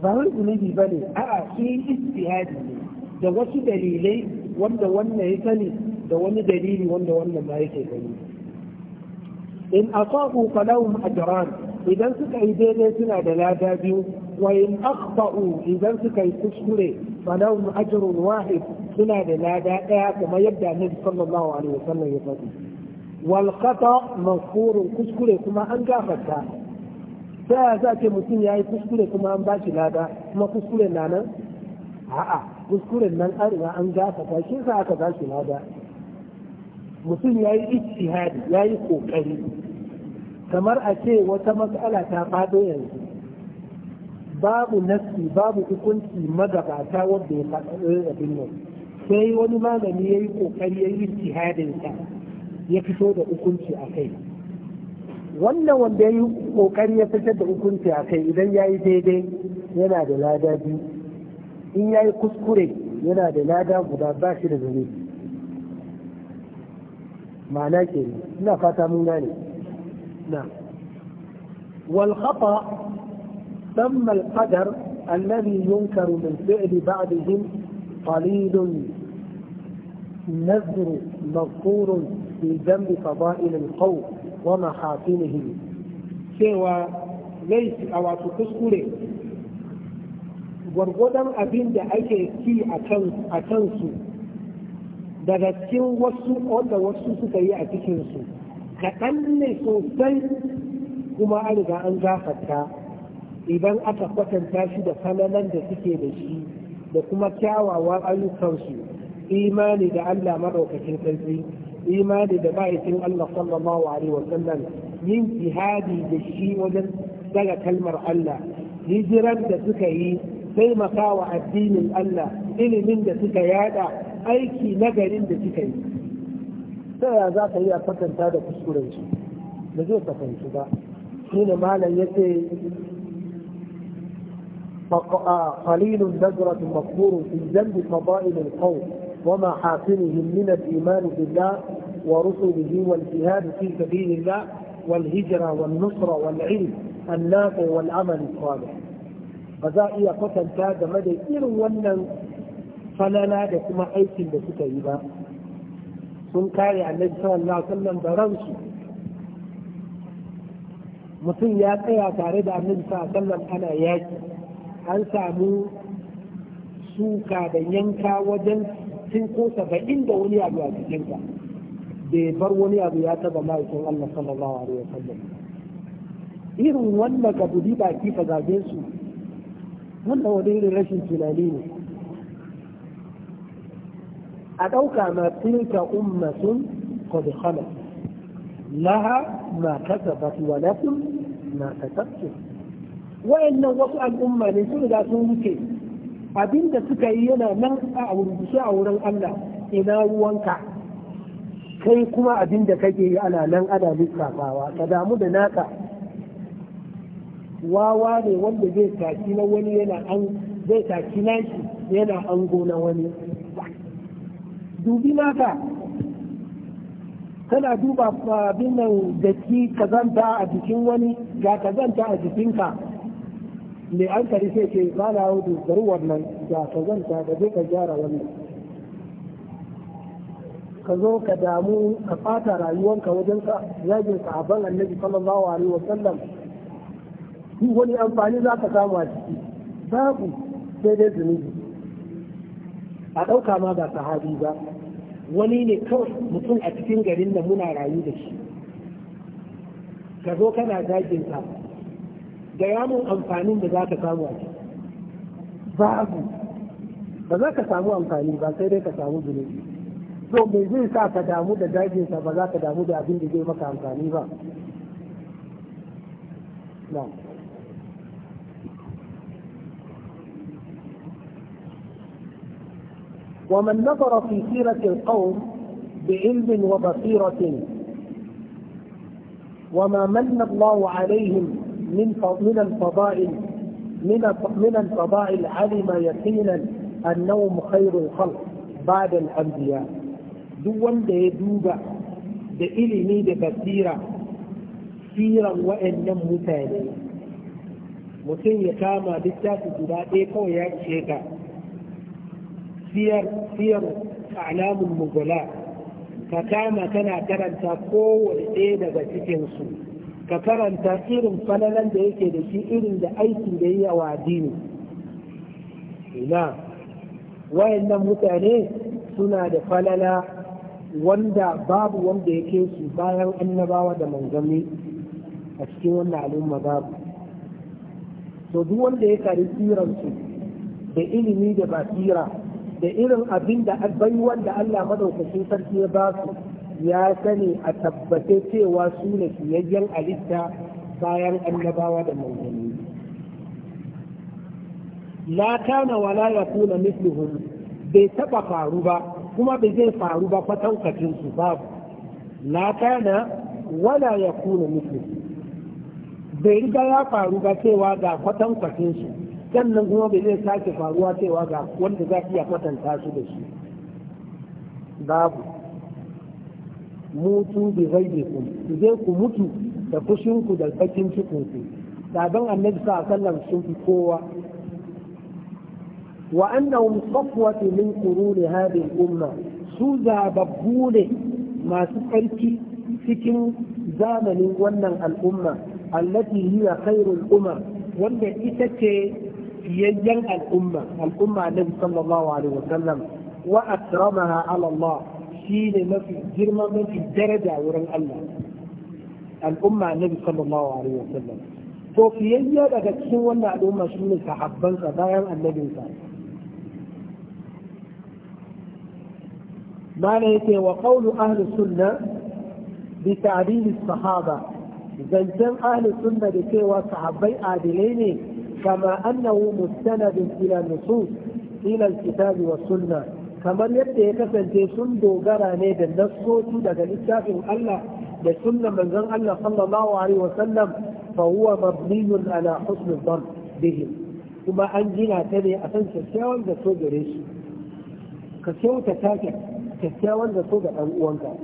ba wani zunubi ba ne a'a su yi ijtihadi ne da wasu dalilai wanda wannan ya sani da wani dalili wanda wannan ma yake gani in asabu falahum ajran idan suka yi daidai suna da lada biyu wa in aqta'u idan suka yi kuskure falahum ajrun wahid suna da lada daya kuma yadda Annabi sallallahu alaihi wasallam ya faɗi wal qata maghfurun kuskure kuma an gafarta sai za ce mutum ya yi kuskure kuma an ba shi lada kuma kuskure na nan a'a Kuskure nan an riga an gafarta shi sa aka ba shi lada mutum ya yi ijtihadi ya yi kokari kamar a ce wata matsala ta faɗo yanzu babu nassi babu hukunci magabata wanda ya faɗo a nan sai wani magani ya yi ƙoƙari ya yi jihadinsa ya fito da hukunci a kai wannan wanda ya yi ƙoƙari ya fitar da hukunci a kai idan ya yi daidai yana da lada biyu in ya yi kuskure yana da lada guda ba shi da zunubi ma'ana ke ina fata mun gane نعم والخطأ ثم القدر الذي ينكر من فعل بعضهم قليل نذر مغفور في ذنب فضائل القوم ومحاسنهم سوى ليس أو تكسكري gwargwadon abin da ake ki a kansu daga cikin wasu wanda kaɗan ne sosai kuma an riga an gafarta idan aka kwatanta shi da falalan da suke da shi da kuma kyawawan ayyukansu imani da Allah maɗaukacin sarki imani da ma'aikin Allah sallallahu alaihi wa sallam yin jihadi da shi wajen daga kalmar Allah hijiran da suka yi taimakawa addinin Allah ilimin da suka yada aiki nagarin da suka yi ta yaya za ka iya kwatanta da kuskuren shi ba zai kasance ba shi ne malam ya ce قليل نجرة مقبور في جنب فضائل القوم وما حاصلهم من الإيمان بالله ورسله والجهاد في سبيل الله والهجرة والنصرة والعلم النافع والعمل الصالح فذا إيا قتل كاد مدى إلو ونن فلا لا دكما أيكم دكتا sun kare annabi sallallahu alaihi wasallam da ransu mutum ya tsaya tare da annabi sallallahu alaihi wasallam ana yaki an samu suka da yanka wajen sun ko saba'in da wani abu a Da bai bar wani abu ya taba ma'aikin Allah sallallahu alaihi wasallam irin wannan ka ba baki ka su wannan wani irin rashin tunani ne a ɗauka ma tilka ummatun kodi khalat laha ma kasabat wa lakum ma kasabtu wa'annan wasu al'umma ne sun da sun wuce abinda suka yi yana nan a rubuce a wurin Allah ina ruwanka kai kuma abinda kake yi ana nan ana lissafawa ka damu da naka wawa ne wanda zai taki na wani yana an zai taki nashi yana ango na wani dubi naka kana duba abin nan da ki kazanta a jikin wani ga kazanta a jikinka mai an kari sai ce ba na garuwar nan ga kazanta da zai ka gyara wannan ka zo ka damu ka fata rayuwanka wajen yajin abin annabi sallallahu alaihi wa sallam wani amfani za ka samu a ciki babu sai dai zunubi a ɗauka ma ba sahabi ba wani ne kawai mutum a cikin garin da muna rayu da shi ka zo kana zagin ka ga yamun amfanin da za ka samu a ciki babu ba za ka samu amfani ba sai dai ka samu zunubi to me zai sa ka damu da zagin ba za ka damu da abin da zai maka amfani ba na'am ومن نظر في سيرة القوم بعلم وبصيرة وما من الله عليهم من من الفضائل من من الفضائل علم يقينا انهم خير الخلق بعد الانبياء دون wanda يدوب duba الي ilimi da basira siran waɗannan mutane mutum ya kama littafi guda ɗaya kawai siyar siyar alamun mugula ka kama kana karanta kowane ɗaya daga cikinsu ka karanta irin falalan da yake da shi irin da aiki da yi wa dini ina wayannan mutane suna da falala wanda babu wanda yake su bayan annabawa da manzanni a cikin wannan al'umma babu to duk wanda ya kari tsiransu da ilimi da basira da irin abin da baiwar da Allah madaukakin sarki ya ba su ya sani a tabbace cewa su ne fiyayyen alitta bayan annabawa da manzanni la kana wala yakuna mithluhum bai taba faru ba kuma bai zai faru ba kwatankacin su babu la kana wala yakuna mithluhum bai riga ya faru ba cewa ga kwatankwacin su sannan kuma bai zai sake faruwa cewa ga wanda za iya kwatanta su da shi babu mutu bi ghaibikum ku je ku mutu da fushinku da bakin cikin ku sabon annabi sa sallan sun fi kowa wa annahum safwatu min quruni hadhihi umma su zababbu ne masu tsarki cikin zamanin wannan al'umma allati hiya khairul umar wanda ita ce fiyayyen al'umma al'umma annabi sallallahu alaihi wasallam wa akramaha ala Allah shine mafi girma mafi daraja wurin Allah al'umma annabi sallallahu alaihi wasallam to fiyayya daga cikin wannan al'umma shine sahabbansa bayan annabinsa معنى يتي وقول أهل السنة بتعديل الصحابة زنتم أهل السنة بكي وصحابي ne. كما أنه مستند إلى النصوص إلى الكتاب والسنة كما يبدأ كسنتي سندو غراني دا النصوص دا الكتاب الله دا سنة من ذن الله صلى الله عليه وسلم فهو مبني على حسن الظن بهم كما أنجنا تبي أسنس الشاول دا سوء جريش كسيو تتاكع كسيول دا سوء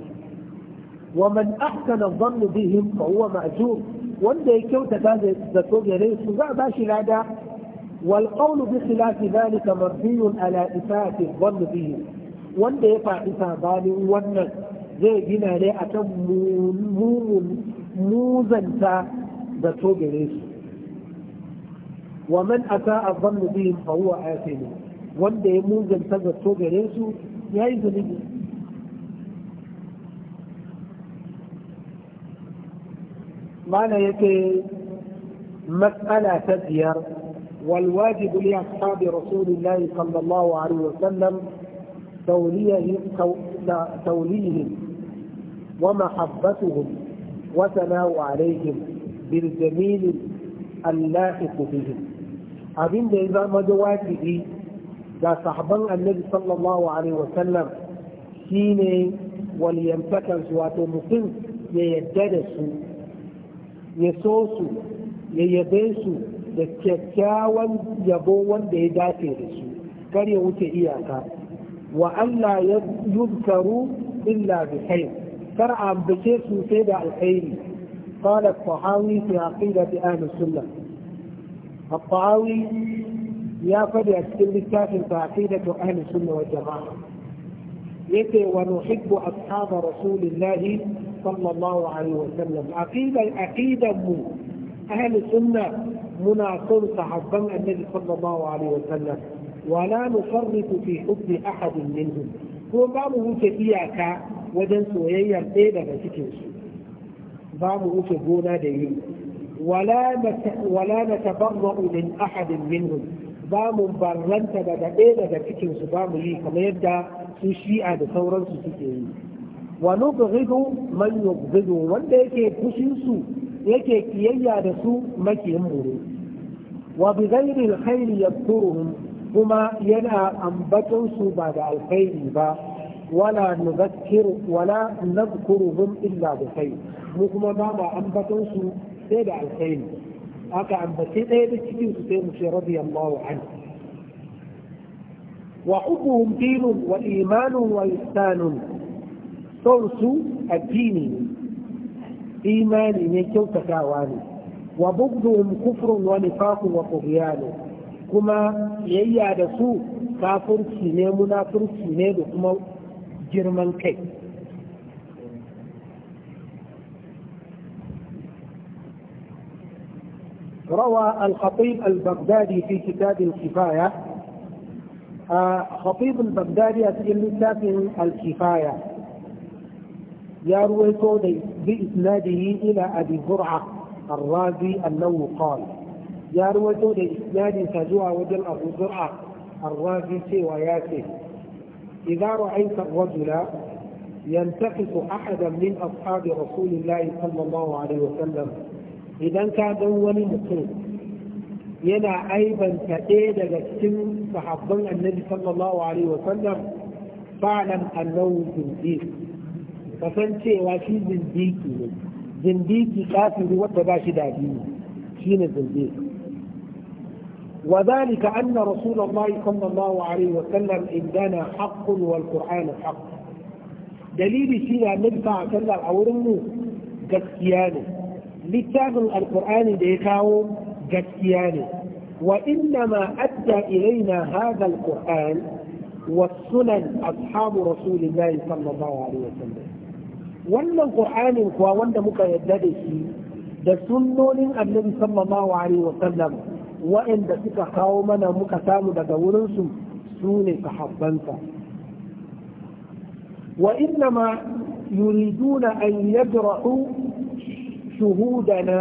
ومن أحسن الظن بهم فهو مأجور wanda ya kyautata zato gare su za a ba shi lada wal qawlu bi khilafi dhalika mabniyun ala isati dhann bihi wanda ya faɗi sabanin wannan zai gina ne akan muzanta da gare su wa man ata dhann bihim fa huwa athim wanda ya muzanta zato gare su yayi zunubi mana yake matsala ta biyar والواجب لأصحاب رسول الله صلى الله عليه وسلم توليهم ومحبتهم وثناء عليهم بالجميل اللاحق بهم أبين ده إذا ما جواتي دا صحبان النبي صلى الله عليه وسلم شيني وليمتكن سواتو مقيم يددسوا ya so su ya yabe su da kyakkyawan yabo wanda ya dace da su kar ya wuce iyaka wa Allah ya yubkaru illa bi kar a ambace su sai da alkhairi qala qahawi fi aqidati ahli sunnah qahawi ya fadi a cikin littafin ta aqidatu ahli sunnah wa jamaa yake wa nuhibbu ashabu rasulillahi sallallahu alaihi wa sallam aqidan aqidan mu ahli sunna muna son sahabban annabi sallallahu alaihi wa sallam wala nufarritu fi hubbi ahadin minhum ko ba mu wuce iyaka wajen soyayyar ɗaya daga cikin su ba mu wuce gona da yi wala na tabarra'u min ahadin minhum ba mu barranta daga ɗaya daga cikinsu ba mu yi kamar yadda su shi'a da sauransu suke yi wa nubghidu man yubghidu wanda yake fushin su yake kiyayya da su makiyin mu wa bi ghairi alkhairi yadhkuruhum kuma yana ambaton su ba da alkhairi ba wala nuzakkiru wala nadhkuruhum illa bi khair mu kuma ba ma ambaton su sai da alkhairi aka ambace ɗaya da cikin su sai mu ce radiyallahu anhu wa دين وإيمان وإحسان son addini imani ne kyautatawa ne wa bugduhum kufrun wa nifaqun wa tughyanu kuma yayya da su kafirci ne munafurci ne da kuma girman kai روى الخطيب البغدادي في كتاب الكفاية خطيب البغدادي في كتاب الكفاية يروي الكودي بإسناده إلى أبي زرعة الرازي أنه قال يا الكودي بإسناد سجوع وجل أبو زرعة الرازي سواياته إذا رأيت الرجل ينتقص أحدا من أصحاب رسول الله صلى الله عليه وسلم إذا كان أول مسلم أيضا aibanta ɗaya daga النبي صلى الله عليه وسلم فاعلم أنه annahu zindi ka san cewa shi zindiki ne zindiki kafiri wanda ba shi da addini shine zindiki وذلك أن رسول الله صلى الله عليه وسلم عندنا حق والقرآن حق دليل شيء ندفع صلى أورمه جسيانه لتاغ القرآن ديكاو جسيانه وإنما أدى إلينا هذا القرآن والسنن أصحاب رسول الله صلى الله عليه وسلم wannan qur'anin kuwa wanda muka yadda da shi da sunnonin annabi sallallahu alaihi wa sallam wa'anda suka kawo mana muka samu daga wurinsu su ne sahabbansa wa innama yuriduna an yadra'u shuhudana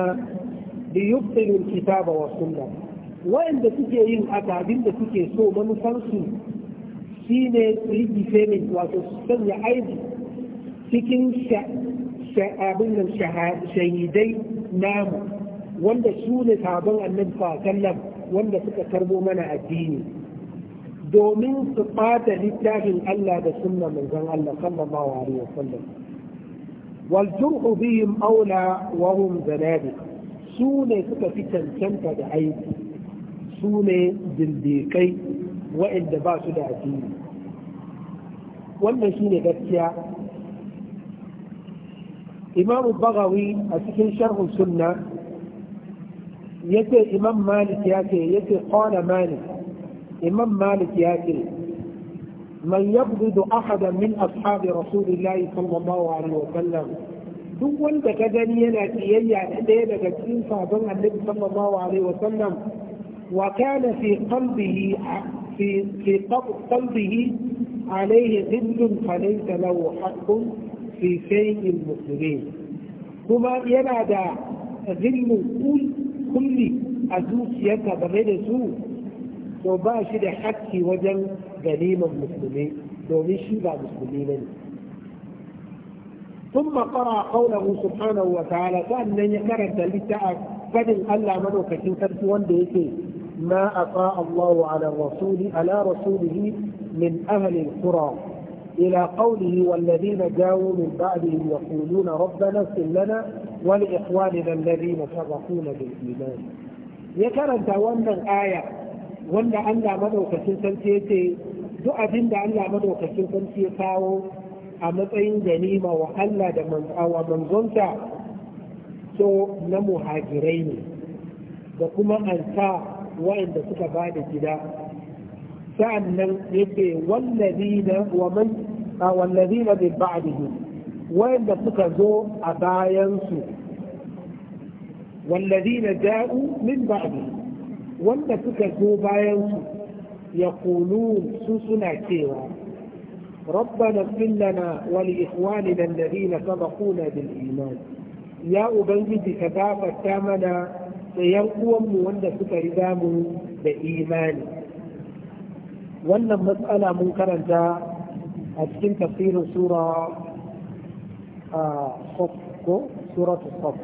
bi yubtilu alkitaba wa sunna wa'anda suke yin abin da suke so manufarsu shine su yi wato su sanya aibi cikin abin nan shahidai namu wanda su ne sabon annabi sallam wanda suka karbo mana addini domin su ɓata littafin Allah da sunna zan Allah sallallahu alaihi wasallam wal jur'u bihim aula wa hum zanabi su ne suka fi cancanta da aiki su ne dindikai ba su da addini wannan shine gaskiya الإمام البغوي اتيكي شرع ا ل يتي إ مالك ياتي يتي قال مالك إ مالك ياتي من يبغض أحدا من أصحاب رسول الله صلى الله عليه وسلم دول بكدني ن ا ت ي ي ا ادينك تنفع النبي صلى الله عليه وسلم وكان في قلبه في قلبه عليه غل فليس له حق fi shay'in musulmi kuma yana da zillin kulli a zuciyarka game da su to ba shi da hakki wajen ganiman musulmi domin shi ba musulmi ne ثم قرأ قوله سبحانه وتعالى فأن يكرد لتعب فدن ألا منو كتن ترسوان ديكي ما أطاء الله على الرسول على رسوله من أهل القرى إلى قوله والذين جاؤوا من بعدهم يقولون ربنا سلنا ولإخواننا الذين سبقونا بالإيمان يكرن تاوان من آية وانا أن لا مدعو كسين دو أبين دا أن لا مدعو كسين سنسيتاو أمتعين جنيمة وحلا دا أو من زنسا سو نمو هاجرين دا كما وإن دا سكا sa’an nan yake wallazi na waman a wallazi na bin ba’adihu suka zo a bayansu wallazi wanda suka zo bayansu ya kulu su suna cewa rabbana wani wal ikhwani lan ladina sabaquna bil iman ya ubangiji ka dafa mana da yan mu wanda suka riga mu da imani wannan matsala mun karanta a cikin tafsirin sura a ko suratul saf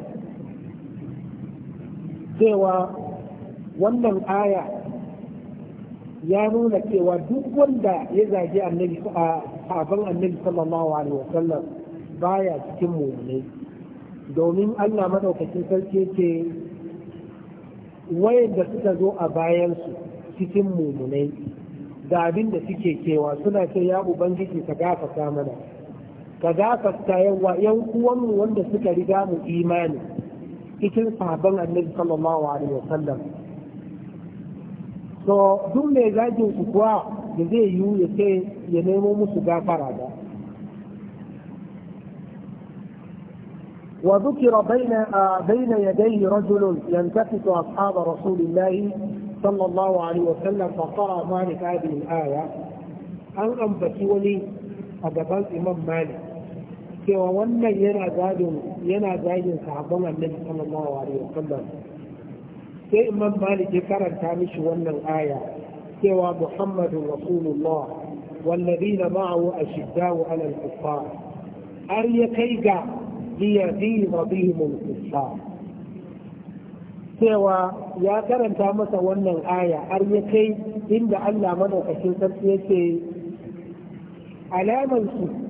cewa wannan aya ya nuna cewa duk wanda ya zagi annabi a sabon annabi sallallahu alaihi wasallam baya cikin mu'minai domin Allah maɗaukacin sarki ce wayanda suka zo a bayansu cikin mu'minai da abin da suke kewa suna ce ya ubangiji ka gafata mana ka gafata yawa yan uwanmu wanda suka riga mu imani cikin sabon annabi sallallahu alaihi wasallam to duk mai zagin ku kuwa da zai yi ya ce ya nemo musu gafara ba وذكر بين بين يديه رجل ينتقد اصحاب رسول الله صلى الله عليه وسلم فقرأ مالك هذه الآية أن أنبتوني أدبان إمام مالك كيوا ونا ينا زاد ينا زايد النبي صلى الله عليه وسلم كي إمام مالك يكرر تامش ون الآية كيوا محمد رسول الله والذين معه أشداء على الكفار أريكيك ليذيظ بهم الكفار cewa ya karanta masa wannan aya har ya kai inda Allah madaukakin sarki yake alamansu